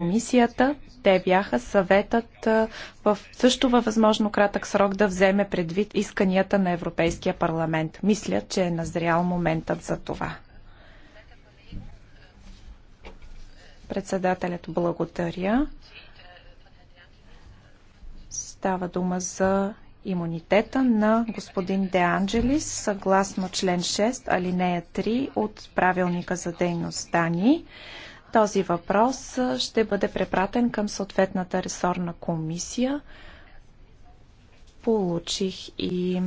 комисията. Те бяха съветът в също във възможно кратък срок да вземе предвид исканията на Европейския парламент. Мисля, че е назрял моментът за това. Председателят благодаря. Става дума за имунитета на господин Де Анджелис, съгласно член 6, алинея 3 от правилника за дейността ни. Този въпрос ще бъде препратен към съответната ресорна комисия. Получих и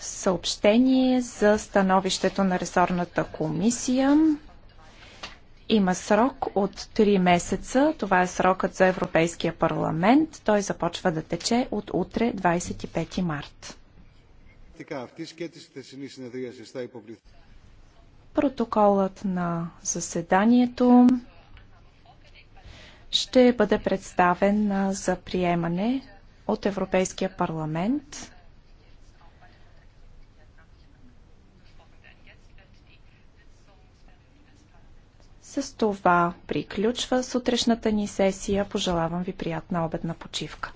съобщение за становището на ресорната комисия. Има срок от 3 месеца. Това е срокът за Европейския парламент. Той започва да тече от утре 25 март. Протоколът на заседанието ще бъде представен за приемане от Европейския парламент. С това приключва сутрешната ни сесия. Пожелавам ви приятна обедна почивка.